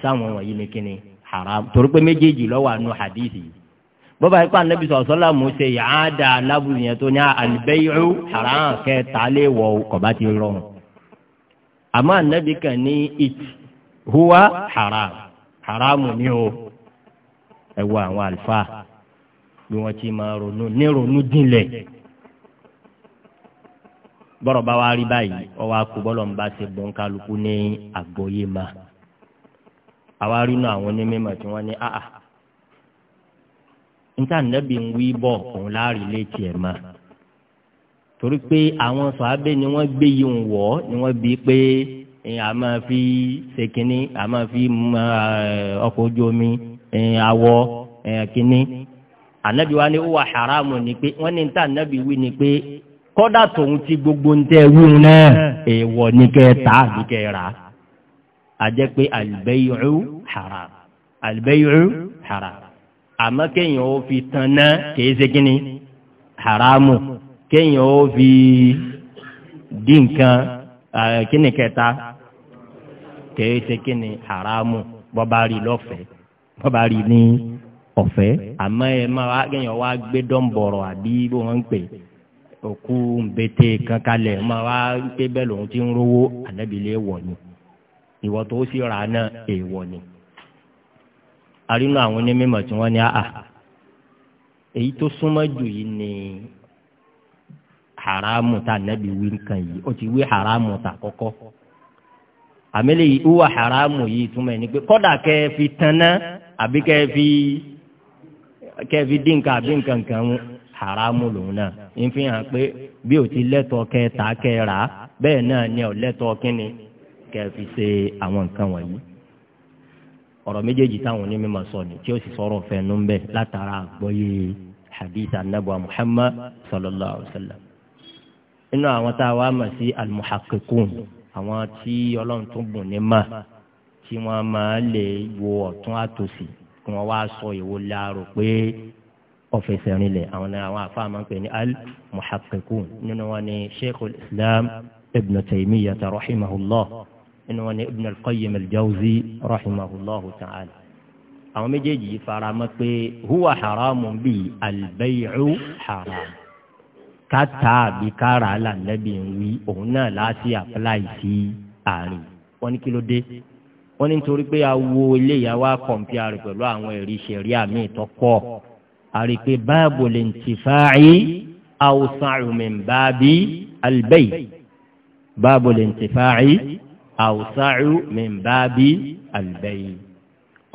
sáwọn wọ̀nyí ni kíni haram torí pé méjèèjì ló wà nù hadithi bọ́bá yìí kó anabi sallallahu la wasallam ṣe yàá da alábùyẹn tó ní al haram kẹta lè wọ̀ kọ̀bá ti rọrùn àmọ́ ànábì kan ní it huwa haram haramu ni o ẹ wo àwọn àlùfáà bí wọ́n ti máa ronú ní ronú dínlẹ̀ bọ́rọ̀ bá wá rí báyìí ọwọ́ akú bọ́lọ̀ ń bá ṣe bọ́n kálukú ní àgbọ́yé ma àwa rí inú àwọn onímọ̀ tí wọ́n ní áà níta ànábì ń wí bọ̀ òun láàrin létí ẹ̀ máa torí pé àwọn sọ̀hábẹ́ ni wọ́n gbé yìí ń wọ̀ ni wọ́n bí pé a máa fi ṣe kínní a máa fi ọkọ̀ ojú omi awọ kínní anabi wa ni ó wà haramu ni pé wọ́n ní ta anabi wí ni pé kọ́dà tòun ti gbogbo ń tẹ́ wíwù náà èèwọ̀ ní kẹ́ àbí kẹ́ ra a jẹ́ pé albayu haram albayu haram àmọ́ kéèyàn ó fi tan náà kì kínní haramu kéèyàn ó fi dí nǹkan kíni kẹta kèé ṣe kíni haramu bọ́ba rí lọ́fẹ̀ẹ́ bọ́ba rí ní ọ̀fẹ́ àmọ́ ẹ máa kéèyàn wá gbé dọ́ǹbọ̀rọ̀ àbí bó wọ́n ń pè òkú nbètè kankalẹ̀ máa wá pé bẹ́ẹ̀ lòun ti ń rówó ànábìlẹ̀ wọ̀ ni ìwọ tó sì rà náà èèwọ̀ ni arínú àwọn onímọ̀ tí wọ́n ní àà èyí tó súnmọ́ jù yìí ni haramu ta nabi wí nǹkan yìí ó ti wí haramu ta kọ́kọ́ àmẹ́lẹ́ yìí wúwà haramu yìí túmọ̀ ní pé kọ́dà kẹ́ ẹ fi tanná àbí kẹ́ fi kẹ́ fi dín nǹkan àbí nǹkan kan haramu lòun náà ń fi hàn pé o ti lẹ́tọ̀ọ́ kẹ́ ta kẹ́ ẹ rà á bẹ́ẹ̀ ni ọ̀ lẹ́tọ̀ọ́ kínni kẹ́ ẹ fi ṣe àwọn nǹkan wọ̀nyí ọ̀rọ̀ méjèèjì táwọn onímọ̀ sọ ni tí ó sì sọ̀rọ̀ fẹ́ẹ́ nú bẹ́ẹ̀ látara àgbọ́yé hadith anabu muhammad sallallahu alayhi wa sallam inú àwọn tá a wá mọ̀ sí almuhakikun àwọn tí ọlọ́run tún bùn ní mà tí wọ́n máa lè wo ọ̀tún àtòsí kí wọ́n wá sọ ìwo láàrò pé ọ̀fẹ̀sẹ̀ rinlẹ̀ àwọn náà àwọn àfa máa ń pè ní almuhakikun nínú wọn ni sheikhul islam ibn taymiyyah rahimahullah nínú wọn ni ibn al-qayyim rahimahullah ta'ala àwọn méjèèjì fara mọ́ pé huwa haramun bíi albay'u haram kátà àbí kára alànẹ́bí ń wí òun náà láti àpláì sí àárín wọn ní kí ló dé wọn ní nítorí pé awo ilé ìyàwó kọ̀ǹpìà rẹ̀ pẹ̀lú àwọn ẹ̀rí ṣẹ̀ríà míì tó pọ̀ àrípé báàbò lè ti fàáyé awùsàn min báàbí albẹ́yì báàbò lè ti fàáyé awùsàn min báàbí albẹ́yì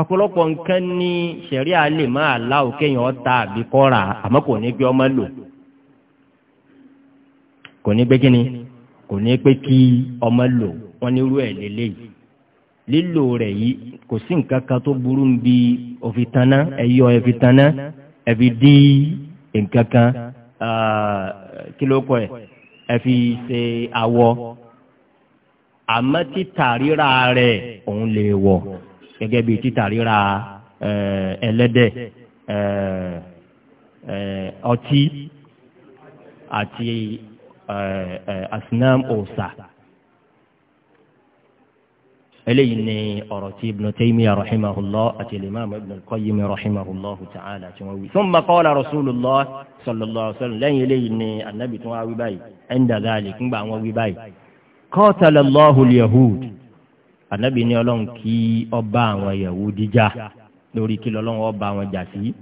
ọ̀pọ̀lọpọ̀ nǹkan ní ṣẹ̀ríà lè máa láwùkẹ́yìn ọ̀ta àbí kọ́ra àmọ́ kò ní bí ọmọ lò kò ní pé kíni kò ní pé kí ọmọ lò wọ́n ní irú ẹ̀ lélẹ́yìí lílò rẹ̀ yìí kò sí nǹkan kan tó burú ń bi òfin tanná ẹ̀yọ dí nǹkan kan kí ló kọ ṣe awọ àmọ́ títà ríra rẹ̀ òun lè wọ̀ gẹ́gẹ́ bí títà ríra ẹlẹ́dẹ̀ ọtí àti asinam ọ̀sà. eléyìí ni ọ̀rọ̀ tí ibn taymiya rahimahullah àti imam ibn al-qayyim rahimahullah ta'ala tí wọ́n wí. thumma qala rasulullah sallallahu alayhi wa sallam lẹ́yìn eléyìí ni anabi tí wọ́n wí báyìí inda dhalik ńgbà wọ́n wí báyìí. qatala Allahu al-yahud anabi ni ọlọ́run kí ọba àwọn yahudi jà lórí kí lọ́lọ́run ọba àwọn jà sí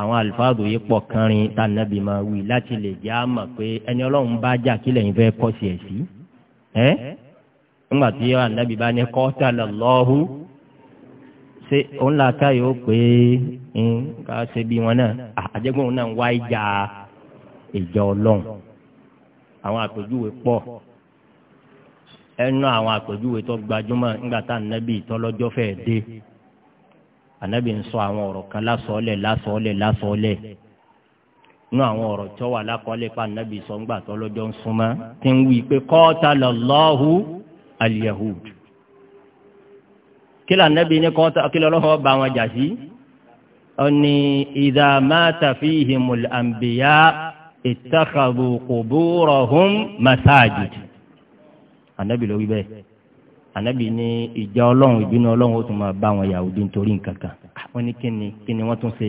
àwọn àlùfáàdù yìí pọ̀ kánrin tá nàbì máa wí láti lè jẹ́ àmọ̀ pé ẹni ọlọ́run bá jà kílẹ̀ yín fẹ́ kọ́ sí ẹ̀ sí. ẹ́ nígbà tí ànábì bá ní kọ́tà lọ́hù ṣé òun là ká yóò pé ká ṣe bí wọn náà àjẹgbọ́n náà ń wá ìjà ìjọ ọlọ́run àwọn àpèjúwe pọ̀ ẹnu àwọn àpèjúwe tó gbajúmọ̀ nígbà tá ànábì tọ́lọ́jọ́ fẹ́ẹ́ dé ànábì ń sọ àwọn ọ̀rọ̀ kan lásọ̀ọ́lẹ̀ lásọ̀ọ́lẹ̀ lásọ̀ọ́lẹ̀ nínú àwọn ọ̀rọ̀ tó wà lákọọ́lẹ̀ pa ànábì sọ ńgbà tó lọ́jọ́ ń súnmọ́ tí ń wí pé qatala Allahu al-yahud kí là ní kọ́ta kí lọ́lọ́wọ́ bá wọn jà sí ọ ní idha mata fihimul anbiya ittakhadhu quburahum masajid ànábì ló wí bẹ́ẹ̀ ànábì ní ìjà ọlọ́run ìbínú ọlọ́run ó tún máa bá àwọn Yahudi nítorí nǹkan kan wọ́n ní kíni kíni wọ́n tún ṣe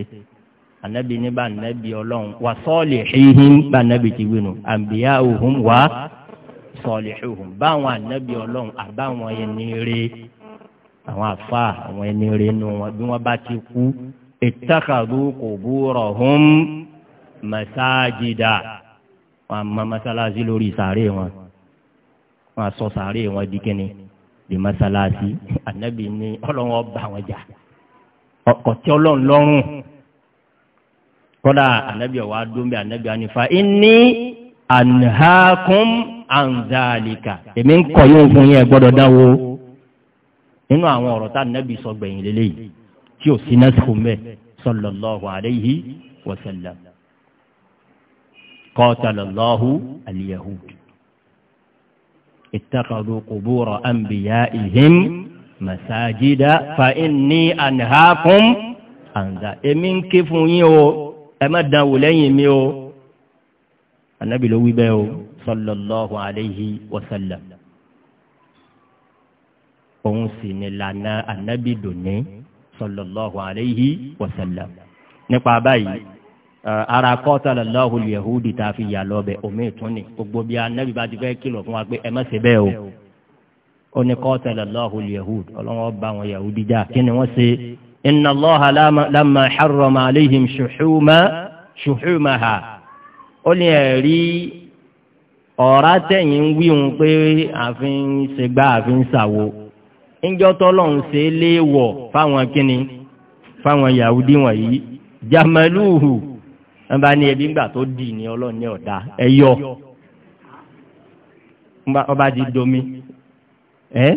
ànábì ní bá ànábì ọlọ́run wà sọ́ọ̀lì ṣíhìn bá ànábì ti wínú àǹbíyá òhun wá sọ́ọ̀lì ṣíhìn bá àwọn ànábì ọlọ́run àbáwọn ẹni rè àwọn àfa àwọn ẹni rè nù wọn bí wọ́n bá ti kú ìtàkàdù quburahum masajida wọn a máa masalasi lórí sàárè wọn wọn sọ sàárè wọn di kíni di masalasi anabi ni ọlọ́run ọba àwọn jà ọkọ̀ tí ọlọ́run lọ́rùn kọ́dà anabi ọ̀wá dóńbẹ́ anabi anifa inni anhakum anzalika èmi ń kọ̀ yóò fún yín ẹ gbọ́dọ̀ dáwó nínú àwọn ọ̀rọ̀ tá anabi sọ gbẹ̀yìn lélẹ́yìí tí ò sí násìkò mẹ́ sallallahu alayhi wa sallam qatalallahu al-yahud. اتخذوا قبور أنبيائهم مساجدا فإني أنهاكم عن ذا إمن كفوني أما دولي ميو النبي لو بيو صلى الله عليه وسلم òun sì ni lànà ànábì dòní sọlọ́lọ́hu àléhi wọ̀sẹ̀lẹ̀ nípa báyìí Eh, ara kọ́tàlá lọ́hùn yahudi tá a fi yà lọ́bẹ̀ omi ìtúni gbogbo bí anabi bá ti fẹ́ kìlọ̀ fún wa pé ẹ má ṣe bẹ́ẹ̀ o ó ní kọ́tàlá lọ́hùn yahudi ọlọ́wọ́ bá wọn yahudi já kí ni wọ́n ṣe inna allaha lamma harrama alayhim shuhuma shuhumaha ó ní ẹ̀rí ọ̀rá tẹ̀yìn ń pé àfin ṣègbà àfin ṣàwo ńjọ́ tọ́lọ́run ṣe léèwọ̀ fáwọn kínni fáwọn yahudi wọ̀nyí jamaluhu wọ́n bá ní ẹbí ńgbà tó dì ní ọlọ́run ní ọ̀dá ẹyọ wọ́n bá di domi ẹ́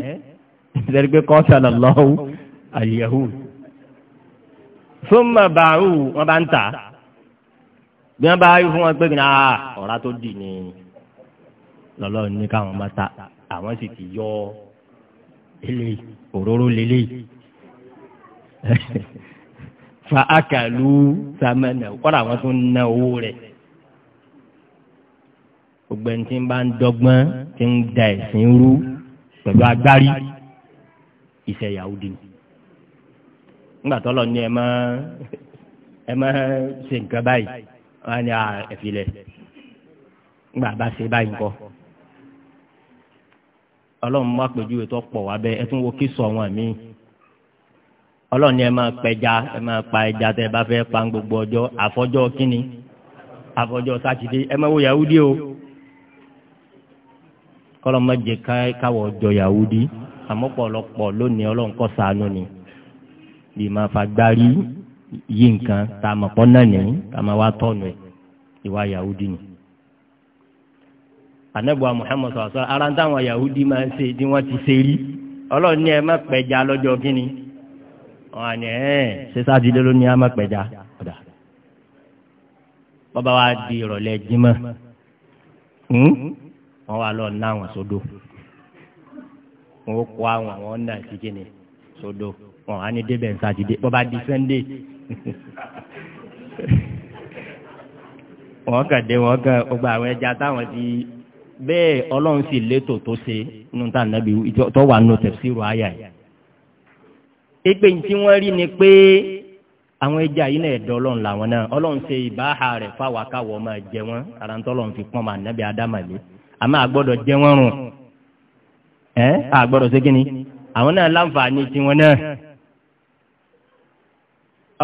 ìtẹ́rí pé kọ́sàlá lọ́wọ́ àyẹ̀hù fúnmọ̀ bàárù wọ́n bá ń tà bí wọ́n bá rí fún wọn pé kí náà ọ̀rá tó dì ní lọ́lọ́run ní káwọn máa ta àwọn sì ti yọ ilé òróró lélẹ́yìí. fa akalu samana kọ́ra àwọn tó ń na owó rẹ̀ gbogbo ẹni tí ń bá ń dọ́gbọ́n tí ń da ẹ̀sìn rú pẹ̀lú agbárí iṣẹ́ Yahudi nígbà tó lọ ní ẹ máa ẹ máa ṣe nǹkan báyìí wọn á ní ẹ̀fìlẹ̀ nígbà bá ṣe báyìí nǹkan ọlọ́run má pèjú ètò ọ̀pọ̀ wá bẹ́ẹ̀ ẹ tún wo kí sọ wọn míì ọlọ́ni ẹ máa pẹja ẹ máa pa ẹja tẹ bá fẹ́ pa gbogbo ọjọ́ àfọjọ́ kínní àfọjọ́ sátidé ẹ máa wo yahudi o kọlọmọdé káwọ ọjọ́ yahudi àmọ́pọ̀lọpọ̀ lónìí ọlọ́nkọ́ sànú ni bí máa fa gbárí yí nǹkan tá a mọ̀ pọ́ náà nìyí tá a máa wá tọ̀nù ẹ̀ ìwà yahudi ni anabuwa muhammad sọ̀rọ̀ sọ̀rọ̀ ara táwọn yahudi máa ń ṣe tí wọ́n ti ṣe rí ọlọ́run ní ẹ má pẹja lọ́jọ́ kínní wọn á ní ẹ ṣe sátidé ló ní amápẹja ọdà bàbá wa di ìrọ̀lẹ́ jímọ̀ hmm? wọn wà lọ ná àwọn sódò wọn kó àwọn àwọn náà sí kíni sódò wọn á ní débẹ̀ sátidé bàbá di sẹ́ńdé wọn kàn dé wọn kàn gbogbo àwọn ẹja táwọn ti bẹ́ẹ̀ ọlọ́run sì létò tó ṣe nínú tá nàbí tó wà nù tẹ̀síìrù àyà yìí pípé tí wọ́n rí ni pé àwọn ẹja yìí náà ẹ̀dọ́ ọlọ́run làwọn náà ọlọ́run ṣe ìbáhà rẹ̀ fáwọn akáwọ̀ máa jẹ wọ́n ara ń tọ́lọ́run fi pọ́n máa nẹ́bí adámàlé àmọ́ àgbọ́dọ̀ jẹ wọ́n rùn ẹ́ ṣe kí ni àwọn náà láǹfààní tiwọn náà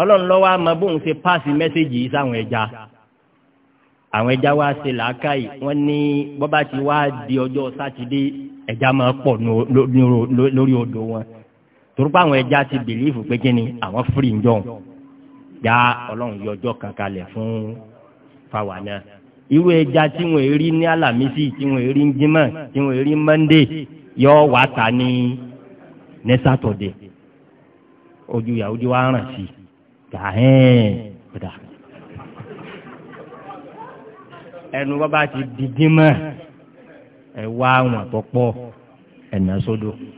ọlọ́run lọ́wọ́ àmọ́ bóun ṣe páàsì mẹ́sẹ́jì yìí sáwọn ẹja àwọn ẹja wa ṣe làákàyè wọ́n torípa àwọn ẹja ti bìlífù pé kí ni àwọn firi ń jọun já ọlọ́run yọ ọjọ́ kan kalẹ̀ fún fáwa náà irú ẹja tí wọn èrí ní alamisi tí wọn èrí ń jímọ tí wọn èrí mọ́ndé yọ wá ta ní ní sátọ̀dẹ̀ ojú yahudi wa ràn sí gàhẹ́n gbọdọ̀ ẹnu bàbá ti di jímọ ẹ wá àwọn àtọ́pọ̀ ẹ̀nà sódò. So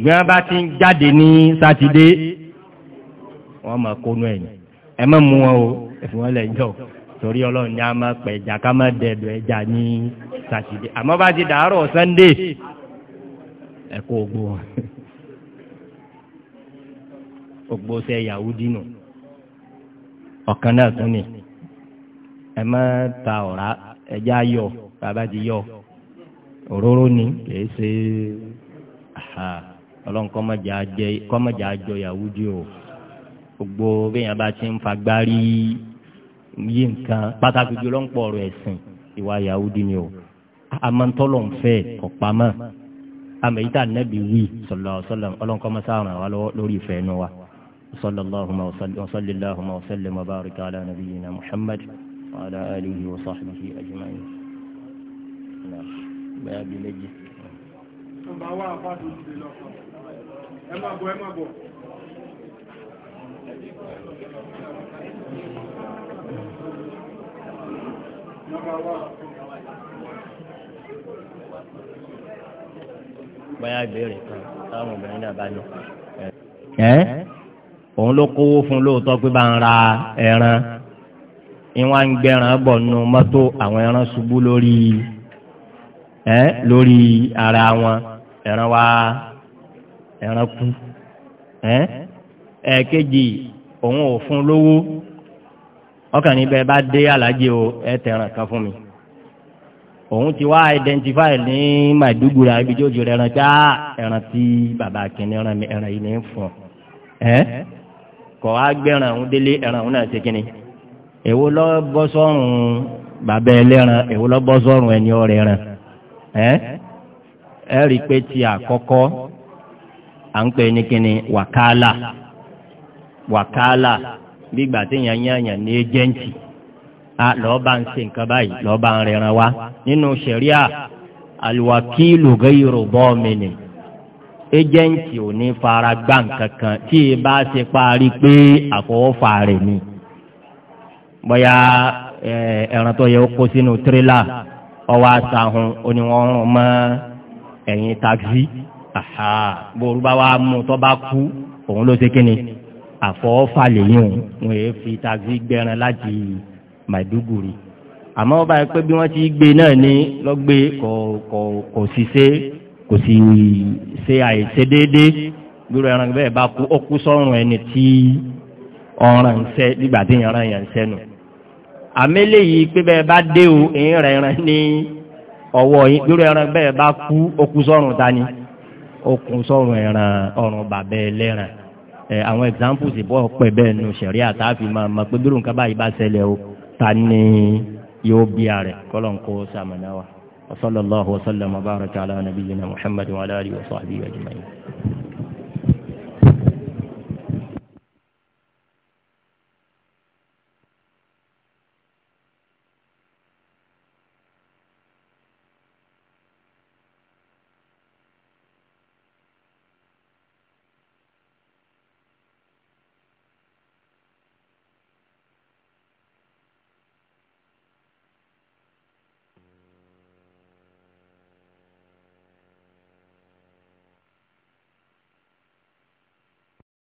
bí wọ́n bá ti ń jáde ní sátidé wọ́n máa kónú ẹ̀yìn ẹ má mú wọn o ẹ̀fìn wọn lẹ̀ jọ torí ọlọ́run ní a máa pẹ̀ ẹja ká má dẹ̀dọ̀ ẹja ní sátidé àmọ́ bá ti dàárọ̀ sànńdé ẹ kó ogbó wọn ogbó sẹ Yahudi nù ọ̀kan náà tún ni ẹ má ta ọ̀rá ẹja yọ bàbá ti yọ òróró ni kì í ṣe ọlọ́run kọ́mọ̀jà àjọ yahudi o gbogbo bẹ́yàn bá ti ń fagbárí yí nǹkan pàtàkì jùlọ ń pọ̀ ọ̀rọ̀ ẹ̀sìn ìwà yahudi ni o amantọ́lọ̀ ń fẹ́ ọ̀pamọ́ amẹ̀yíta nẹ́bi wí sọlọ sọlọ ọlọ́run kọ́mọ̀sá ràn wá lórí ìfẹ́ inú wa sọlọ́láhùnmá ọ̀sọ́lẹ́láhùnmá ọ̀sọ́lẹ́ mọ́bárìkà alánàbíyìnà muhammad wàhálà alihi wa sàhìbìhì àjùmáyé. bẹ́ẹ̀ bí méjì. ọba wa bá dùn sí lọ́kọ̀ọ́ ẹ máa bọ̀ ẹ máa bọ̀. bóyá ìbéèrè kan táwọn obìnrin náà bá ní. ẹ òun ló kówó fún lóòótọ́ pé bá ń ra ẹran ìwọ̀n à ń gbẹ̀ràn bọ̀ nù mọ́tò àwọn ẹran ṣubú lórí ẹ lórí ara wọn ẹran wa. ẹranku kú ẹ̀ẹ́kejì òun ò fún lówó ọkàn níbẹ̀ bá dé alájẹ o ẹ kan fún mi òun ti wá identify ní màdúgbòrà ibi tí ó jòrò ẹran tá ah, ẹran tí bàbá akínní ẹran mi ẹran yìí ní fún ẹ kọ̀ á gbẹ̀ràn òun délé ẹran òun à ń pè ní kíni wàkálà wàkálà gbígbà téèyàn yányàn ní éjẹ́ǹtì a lọ́ọ́ bá ń ṣe nǹkan báyìí lọ́ọ́ bá ń rẹran wá nínú ṣẹ̀ríà alwakilu gayru bọ́ọ̀mìnì éjẹ́ǹtì ò ní fara gbá nǹkan kan tí ì bá ṣe parí pé àfọwọ́fà rẹ̀ ni bóyá ẹran tó yẹ kó sínú tírélà ọwọ́ àtàhùn oníwọ̀n mọ́ ẹ̀yìn táksì. Aha, bóru wa mú tó bá kú òun ló ṣe kíni àfọwọ́fà lèyìn òun èé fi taxi gbẹran láti Maiduguri àmọ́ ọba yẹn pé bí wọ́n ti gbé náà ní lọ́gbé kò kò kò sì ṣe kò sì ṣe àìṣe déédéé gbúrò ẹran bẹ́ẹ̀ bá kú ó sọ́run ẹni tí ọ̀ràn ń nígbà tí ìyànràn yẹn ń sẹ́nu àmẹ́lẹ̀ yìí pé bẹ́ẹ̀ bá dé o èyí ẹran ní ọwọ́ yìí gbúrò ẹran bẹ́ẹ̀ bá kú ó sọ́run ta ni okùn sọ̀rùn ẹ̀ràn ọ̀rùn bàbẹ́ ẹlẹ́ràn àwọn examples bọ́ pẹ̀ bẹ́ẹ̀ nu sẹ̀rí àtàfi máa ma pé bírò nǹkan báyìí bá ṣẹlẹ̀ o ta ni yóò bí a rẹ̀ kọ́lọ̀ ń kó sàmùnà wa wa sallallahu wa sallam wa baraka ala nabiyyina muhammad wa ala alihi wa sahbihi ajma'in.